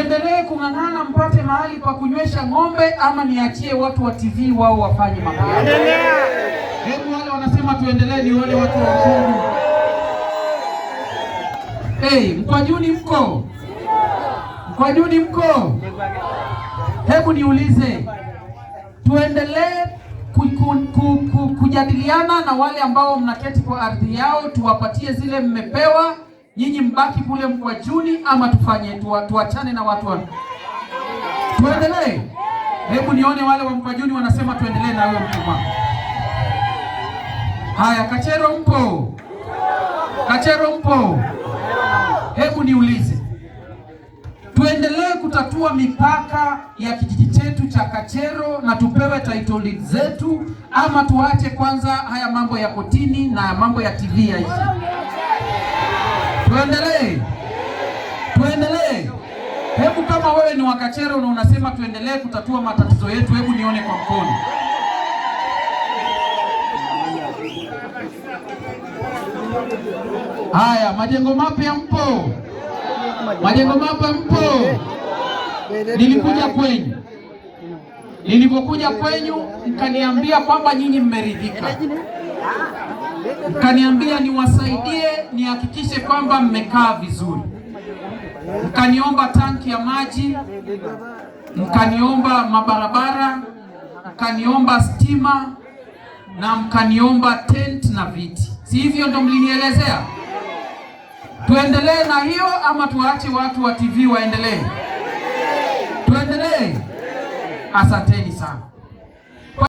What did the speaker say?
Endelee kung'ang'ana mpate mahali pa kunywesha ng'ombe, ama niachie watu wa TV wao wafanye mambo yao. Hebu wale wanasema tuendelee ni wale watu wa Mkwajuni. Hey, Mkwajuni mko? Mkwajuni mko? Hebu niulize, tuendelee ku, ku, ku, ku, kujadiliana na wale ambao mnaketi kwa ardhi yao, tuwapatie zile mmepewa nyinyi mbaki kule juni ama tufanye tuachane na watu wa tuendelee? Hebu nione wale wa juni wanasema tuendelee na wewe Mtuma. Haya, Kachero mpo? Kachero mpo? Hebu niulize, tuendelee kutatua mipaka ya kijiji chetu cha Kachero na tupewe title zetu, ama tuache kwanza haya mambo ya kotini na mambo ya TV yaishi? Tuendelee, tuendelee. Hebu kama wewe ni Wakachero na unasema tuendelee kutatua matatizo yetu, hebu nione kwa mkono. Haya, majengo mapya mpo? Majengo mapya mpo? Nilikuja kwenyu, nilipokuja kwenyu mkaniambia kwamba nyinyi mmeridhika kaniambia niwasaidie nihakikishe kwamba mmekaa vizuri, mkaniomba tanki ya maji, mkaniomba mabarabara, mkaniomba stima na mkaniomba tent na viti, si hivyo ndo mlinielezea? Tuendelee na hiyo ama tuache watu wa TV waendelee? Tuendelee. Asanteni sana.